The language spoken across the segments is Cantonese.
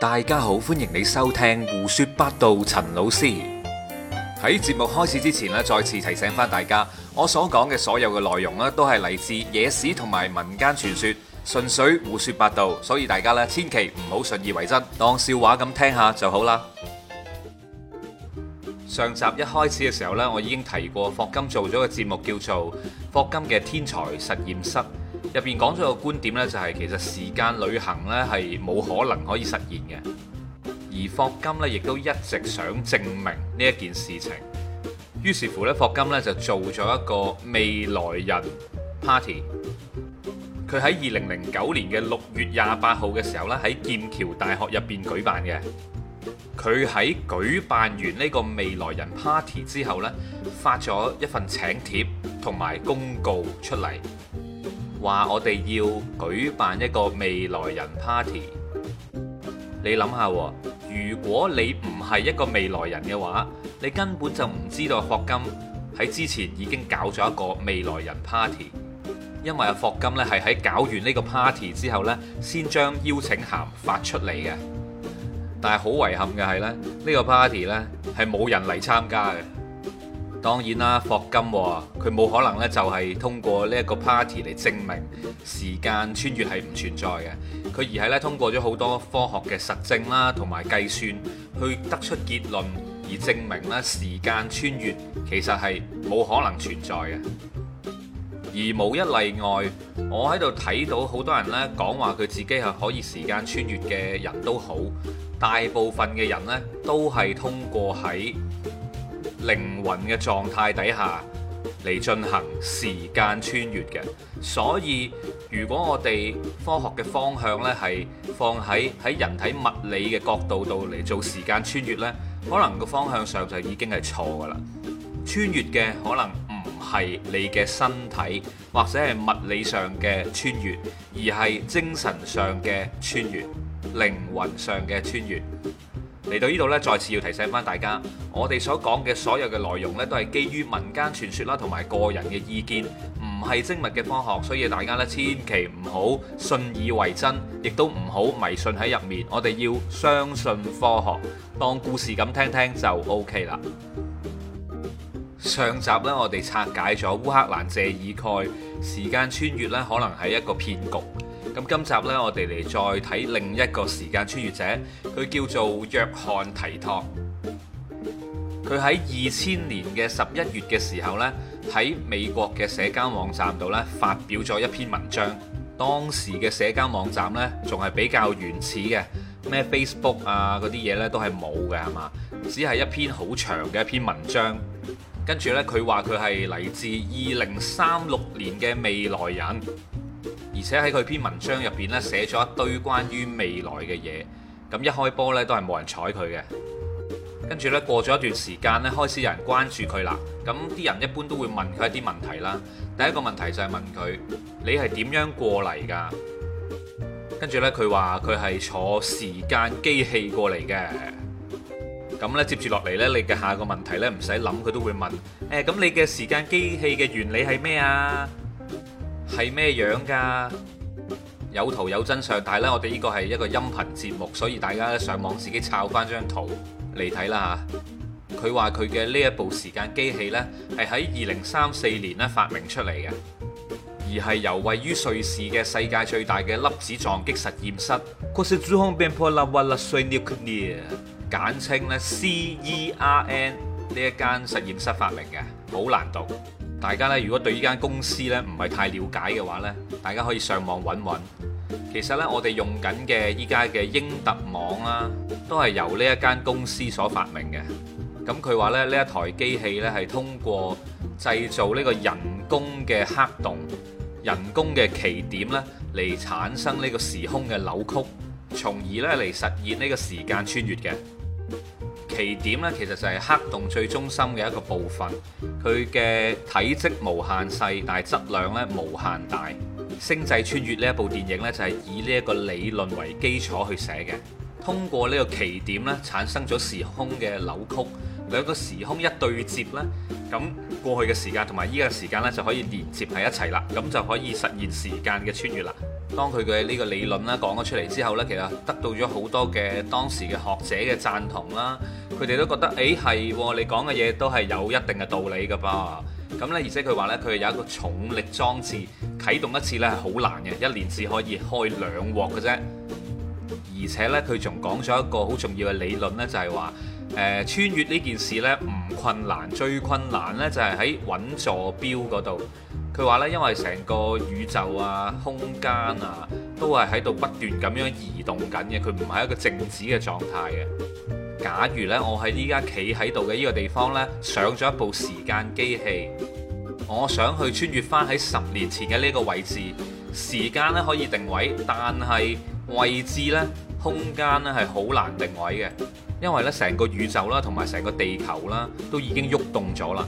大家好，歡迎你收聽胡說八道。陳老師喺節目開始之前呢，再次提醒返大家，我所講嘅所有嘅內容呢，都係嚟自野史同埋民間傳說，純粹胡說八道，所以大家呢千祈唔好信以為真，當笑話咁聽下就好啦。上集一開始嘅時候呢，我已經提過霍金做咗個節目，叫做《霍金嘅天才實驗室》。入邊講咗個觀點呢，就係其實時間旅行呢係冇可能可以實現嘅。而霍金呢，亦都一直想證明呢一件事情。於是乎呢，霍金呢就做咗一個未來人 party。佢喺二零零九年嘅六月廿八號嘅時候呢，喺劍橋大學入邊舉辦嘅。佢喺舉辦完呢個未來人 party 之後呢，發咗一份請帖同埋公告出嚟。話我哋要舉辦一個未來人 party，你諗下，如果你唔係一個未來人嘅話，你根本就唔知道霍金喺之前已經搞咗一個未來人 party，因為霍金咧係喺搞完呢個 party 之後呢，先將邀請函發出嚟嘅。但係好遺憾嘅係咧，呢個 party 咧係冇人嚟參加嘅。當然啦，霍金喎，佢冇可能咧就係通過呢一個 party 嚟證明時間穿越係唔存在嘅，佢而係咧通過咗好多科學嘅實證啦，同埋計算去得出結論而證明咧時間穿越其實係冇可能存在嘅。而無一例外，我喺度睇到好多人呢講話佢自己係可以時間穿越嘅人都好，大部分嘅人呢都係通過喺。靈魂嘅狀態底下嚟進行時間穿越嘅，所以如果我哋科學嘅方向呢，係放喺喺人體物理嘅角度度嚟做時間穿越呢，可能個方向上就已經係錯㗎啦。穿越嘅可能唔係你嘅身體或者係物理上嘅穿越，而係精神上嘅穿越、靈魂上嘅穿越。嚟到呢度咧，再次要提醒返大家，我哋所講嘅所有嘅內容咧，都係基於民間傳說啦，同埋個人嘅意見，唔係精密嘅科學，所以大家咧千祈唔好信以為真，亦都唔好迷信喺入面。我哋要相信科學，當故事咁聽聽就 OK 啦。上集咧，我哋拆解咗烏克蘭謝爾蓋時間穿越咧，可能係一個騙局。咁今集呢，我哋嚟再睇另一個時間穿越者，佢叫做約翰提托。佢喺二千年嘅十一月嘅時候呢，喺美國嘅社交網站度呢，發表咗一篇文章。當時嘅社交網站呢，仲係比較原始嘅，咩 Facebook 啊嗰啲嘢呢都係冇嘅，係嘛？只係一篇好長嘅一篇文章。跟住呢，佢話佢係嚟自二零三六年嘅未來人。而且喺佢篇文章入邊呢，寫咗一堆關於未來嘅嘢，咁一開波呢，都係冇人睬佢嘅。跟住呢，過咗一段時間呢，開始有人關注佢啦。咁啲人一般都會問佢一啲問題啦。第一個問題就係問佢：你係點樣過嚟㗎？跟住呢，佢話佢係坐時間機器過嚟嘅。咁呢，接住落嚟呢，你嘅下一個問題呢唔使諗，佢都會問：誒、哎、咁你嘅時間機器嘅原理係咩啊？係咩樣噶？有圖有真相，但係咧，我哋呢個係一個音頻節目，所以大家上網自己抄翻張圖嚟睇啦吓。佢話佢嘅呢一部時間機器呢，係喺二零三四年咧發明出嚟嘅，而係由位於瑞士嘅世界最大嘅粒子撞擊實驗室，Quarkstzombenpulverlsswe Nuclear 簡稱咧 CERN 呢一間實驗室發明嘅，好難讀。大家咧，如果對呢間公司咧唔係太了解嘅話呢，大家可以上網揾揾。其實呢，我哋用緊嘅依家嘅英特網啦，都係由呢一間公司所發明嘅。咁佢話咧，呢一台機器呢係通過製造呢個人工嘅黑洞、人工嘅奇點呢嚟產生呢個時空嘅扭曲，從而呢嚟實現呢個時間穿越嘅。奇點咧，其實就係黑洞最中心嘅一個部分，佢嘅體積無限細，但係質量咧無限大。《星際穿越》呢一部電影咧，就係以呢一個理論為基礎去寫嘅。通過呢個奇點咧，產生咗時空嘅扭曲，兩個時空一對接咧，咁過去嘅時間同埋依家嘅時間咧就可以連接喺一齊啦，咁就可以實現時間嘅穿越啦。當佢嘅呢個理論咧，講咗出嚟之後呢，其實得到咗好多嘅當時嘅學者嘅贊同啦，佢哋都覺得誒係、哎，你講嘅嘢都係有一定嘅道理噶噃。咁呢，而且佢話呢，佢有一個重力裝置，啟動一次呢係好難嘅，一年至可以開兩鑊嘅啫。而且呢，佢仲講咗一個好重要嘅理論呢，就係話誒穿越呢件事呢唔困難，最困難呢就係喺揾坐標嗰度。佢話咧，因為成個宇宙啊、空間啊，都係喺度不斷咁樣移動緊嘅，佢唔係一個靜止嘅狀態嘅。假如呢，我喺依家企喺度嘅呢個地方呢，上咗一部時間機器，我想去穿越翻喺十年前嘅呢個位置，時間呢可以定位，但係位置呢，空間呢係好難定位嘅，因為呢，成個宇宙啦、啊，同埋成個地球啦、啊，都已經喐動咗啦。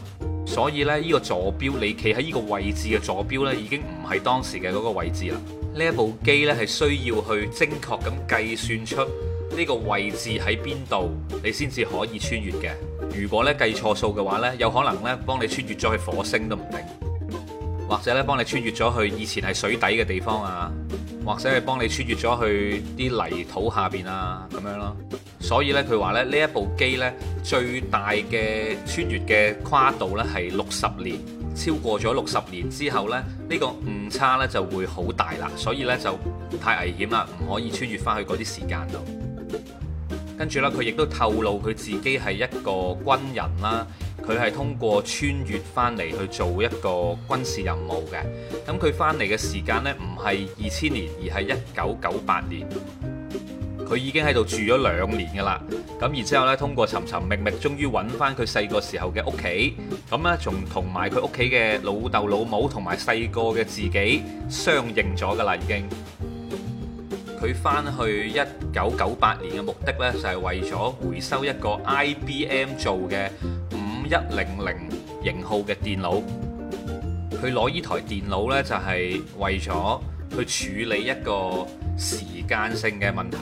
所以咧，呢個坐標你企喺呢個位置嘅坐標呢，已經唔係當時嘅嗰個位置啦。呢一部機呢，係需要去精確咁計算出呢個位置喺邊度，你先至可以穿越嘅。如果呢計錯數嘅話呢，有可能呢幫你穿越咗去火星都唔定，或者呢幫你穿越咗去以前係水底嘅地方啊。或者係幫你穿越咗去啲泥土下邊啊，咁樣咯。所以呢，佢話咧，呢一部機，呢最大嘅穿越嘅跨度呢係六十年，超過咗六十年之後呢，呢、呢個誤差呢就會好大啦。所以呢就太危險啦，唔可以穿越翻去嗰啲時間度。跟住呢，佢亦都透露佢自己係一個軍人啦。佢係通過穿越翻嚟去做一個軍事任務嘅。咁佢翻嚟嘅時間咧，唔係二千年，而係一九九八年。佢已經喺度住咗兩年噶啦。咁然之後咧，通過尋尋覓覓，終於揾翻佢細個時候嘅屋企。咁咧，仲同埋佢屋企嘅老豆、老母同埋細個嘅自己相認咗噶啦。已經佢翻去一九九八年嘅目的咧，就係為咗回收一個 IBM 做嘅一零零型號嘅電腦，佢攞呢台電腦咧，就係為咗去處理一個時間性嘅問題，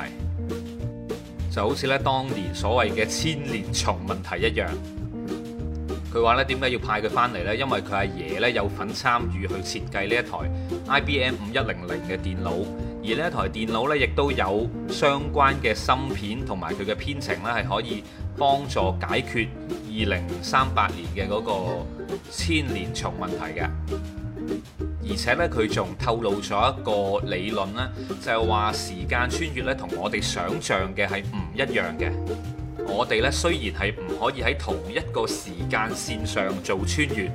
就好似咧當年所謂嘅千年蟲問題一樣。佢話咧，點解要派佢翻嚟咧？因為佢阿爺咧有份參與去設計呢一台 IBM 五一零零嘅電腦，而呢一台電腦咧，亦都有相關嘅芯片同埋佢嘅編程咧，係可以幫助解決。二零三八年嘅嗰個千年蟲問題嘅，而且呢，佢仲透露咗一個理論呢，就係話時間穿越呢，同我哋想象嘅係唔一樣嘅。我哋呢雖然係唔可以喺同一個時間線上做穿越，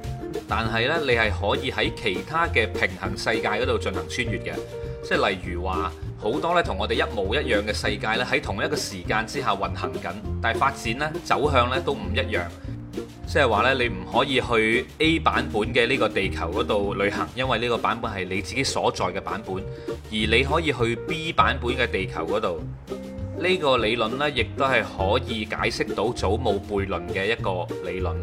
但係呢，你係可以喺其他嘅平衡世界嗰度進行穿越嘅，即係例如話。好多咧，同我哋一模一樣嘅世界咧，喺同一個時間之下運行緊，但係發展咧、走向咧都唔一樣。即係話咧，你唔可以去 A 版本嘅呢個地球嗰度旅行，因為呢個版本係你自己所在嘅版本，而你可以去 B 版本嘅地球嗰度。呢、這個理論咧亦都係可以解釋到祖母悖論嘅一個理論。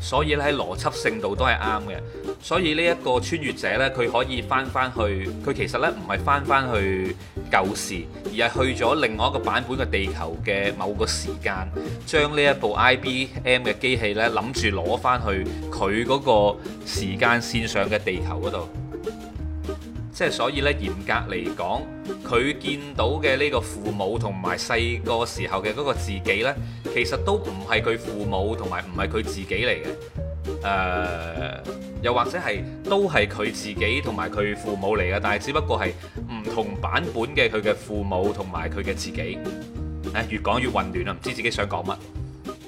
所以咧喺邏輯性度都係啱嘅，所以呢一個穿越者呢，佢可以翻翻去，佢其實呢，唔係翻翻去舊時，而係去咗另外一個版本嘅地球嘅某個時間，將呢一部 IBM 嘅機器呢，諗住攞翻去佢嗰個時間線上嘅地球嗰度。即係所以咧，嚴格嚟講，佢見到嘅呢個父母同埋細個時候嘅嗰個自己呢，其實都唔係佢父母同埋唔係佢自己嚟嘅。誒，又或者係都係佢自己同埋佢父母嚟嘅，但係只不過係唔同版本嘅佢嘅父母同埋佢嘅自己。啊，越講越混亂啊！唔知自己想講乜。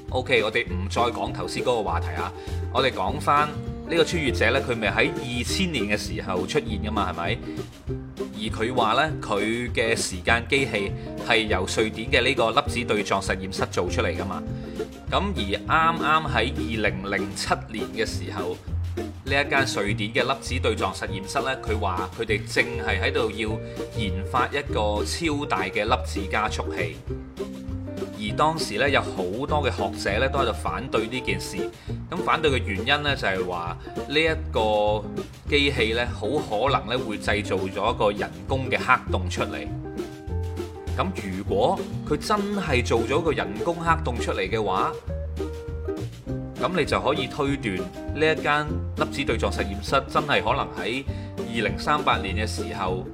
OK，我哋唔再講頭先嗰個話題啊，我哋講翻。呢個穿越者咧，佢咪喺二千年嘅時候出現噶嘛？係咪？而佢話呢，佢嘅時間機器係由瑞典嘅呢個粒子對撞實驗室做出嚟噶嘛？咁而啱啱喺二零零七年嘅時候，呢一間瑞典嘅粒子對撞實驗室呢，佢話佢哋正係喺度要研發一個超大嘅粒子加速器。而當時咧有好多嘅學者咧都喺度反對呢件事，咁反對嘅原因咧就係話呢一個機器咧好可能咧會製造咗一個人工嘅黑洞出嚟。咁如果佢真係做咗個人工黑洞出嚟嘅話，咁你就可以推斷呢一間粒子對撞實驗室真係可能喺二零三八年嘅時候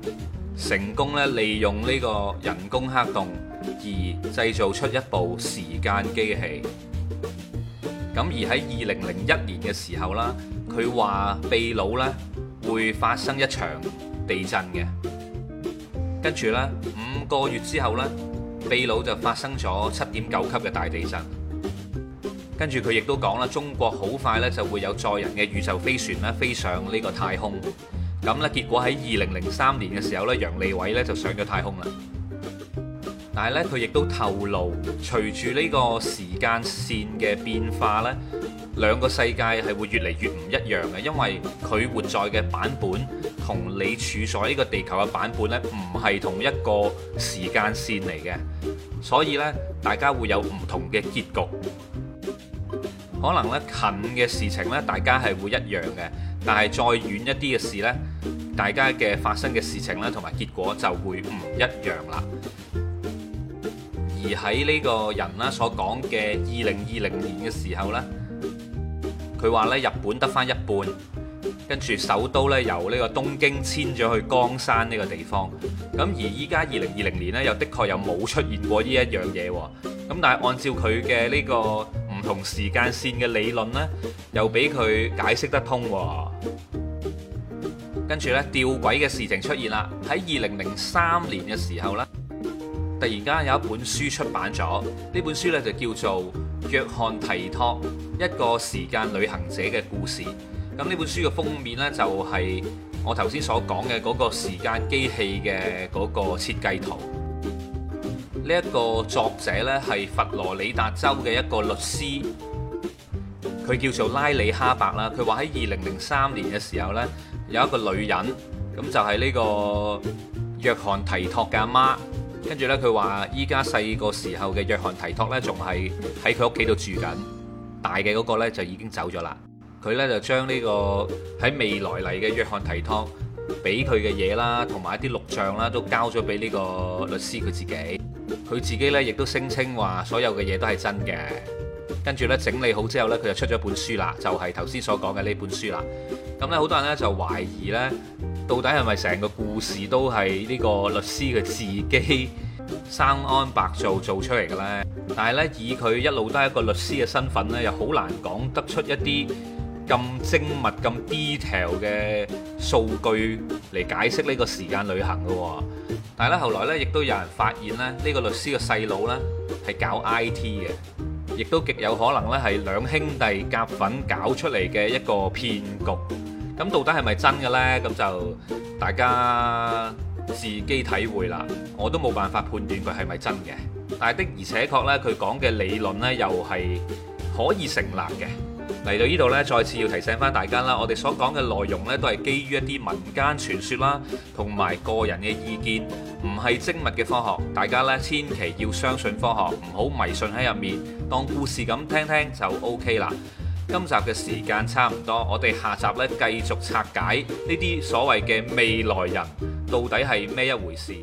成功咧利用呢個人工黑洞，而製造出一部時間機器。咁而喺二零零一年嘅時候啦，佢話秘魯呢會發生一場地震嘅。跟住呢，五個月之後呢，秘魯就發生咗七點九級嘅大地震。跟住佢亦都講啦，中國好快呢就會有載人嘅宇宙飛船呢飛上呢個太空。咁呢，結果喺二零零三年嘅時候呢，楊利偉呢就上咗太空啦。但係咧，佢亦都透露，隨住呢個時間線嘅變化呢，兩個世界係會越嚟越唔一樣嘅，因為佢活在嘅版本同你處在呢個地球嘅版本呢，唔係同一個時間線嚟嘅，所以呢，大家會有唔同嘅結局。可能呢近嘅事情呢，大家係會一樣嘅，但係再遠一啲嘅事呢，大家嘅發生嘅事情呢，同埋結果就會唔一樣啦。而喺呢個人啦，所講嘅二零二零年嘅時候呢，佢話咧，日本得返一半，跟住首都咧由呢個東京遷咗去江山呢個地方。咁而依家二零二零年呢又的確又冇出現過呢一樣嘢喎。咁但係按照佢嘅呢個唔同時間線嘅理論呢又俾佢解釋得通喎。跟住呢，吊詭嘅事情出現啦，喺二零零三年嘅時候呢。突然間有一本書出版咗，呢本書呢，就叫做《約翰提托：一個時間旅行者嘅故事》。咁呢本書嘅封面呢，就係我頭先所講嘅嗰個時間機器嘅嗰個設計圖。呢、這、一個作者呢，係佛羅里達州嘅一個律師，佢叫做拉里哈伯啦。佢話喺二零零三年嘅時候呢，有一個女人，咁就係、是、呢個約翰提托嘅阿媽。跟住呢，佢話依家細個時候嘅約翰提托呢，仲係喺佢屋企度住緊。大嘅嗰個呢，就已經走咗啦。佢呢，就將呢個喺未來嚟嘅約翰提托俾佢嘅嘢啦，同埋一啲錄像啦，都交咗俾呢個律師佢自己。佢自己呢，亦都聲稱話所有嘅嘢都係真嘅。跟住呢，整理好之後呢，佢就出咗本書啦，就係頭先所講嘅呢本書啦。咁呢，好多人呢，就懷疑呢。到底係咪成個故事都係呢個律師佢自己生安白做做出嚟嘅呢？但係呢，以佢一路都係一個律師嘅身份呢，又好難講得出一啲咁精密、咁 detail 嘅數據嚟解釋呢個時間旅行嘅。但係咧，後來呢，亦都有人發現呢，呢個律師嘅細佬呢係搞 IT 嘅，亦都極有可能呢係兩兄弟夾粉搞出嚟嘅一個騙局。咁到底係咪真嘅呢？咁就大家自己體會啦。我都冇辦法判斷佢係咪真嘅，但係的而且確呢，佢講嘅理論呢又係可以成立嘅。嚟到呢度呢，再次要提醒翻大家啦，我哋所講嘅內容呢，都係基於一啲民間傳說啦，同埋個人嘅意見，唔係精密嘅科學。大家呢，千祈要相信科學，唔好迷信喺入面，當故事咁聽聽就 OK 啦。今集嘅時間差唔多，我哋下集呢繼續拆解呢啲所謂嘅未來人，到底係咩一回事？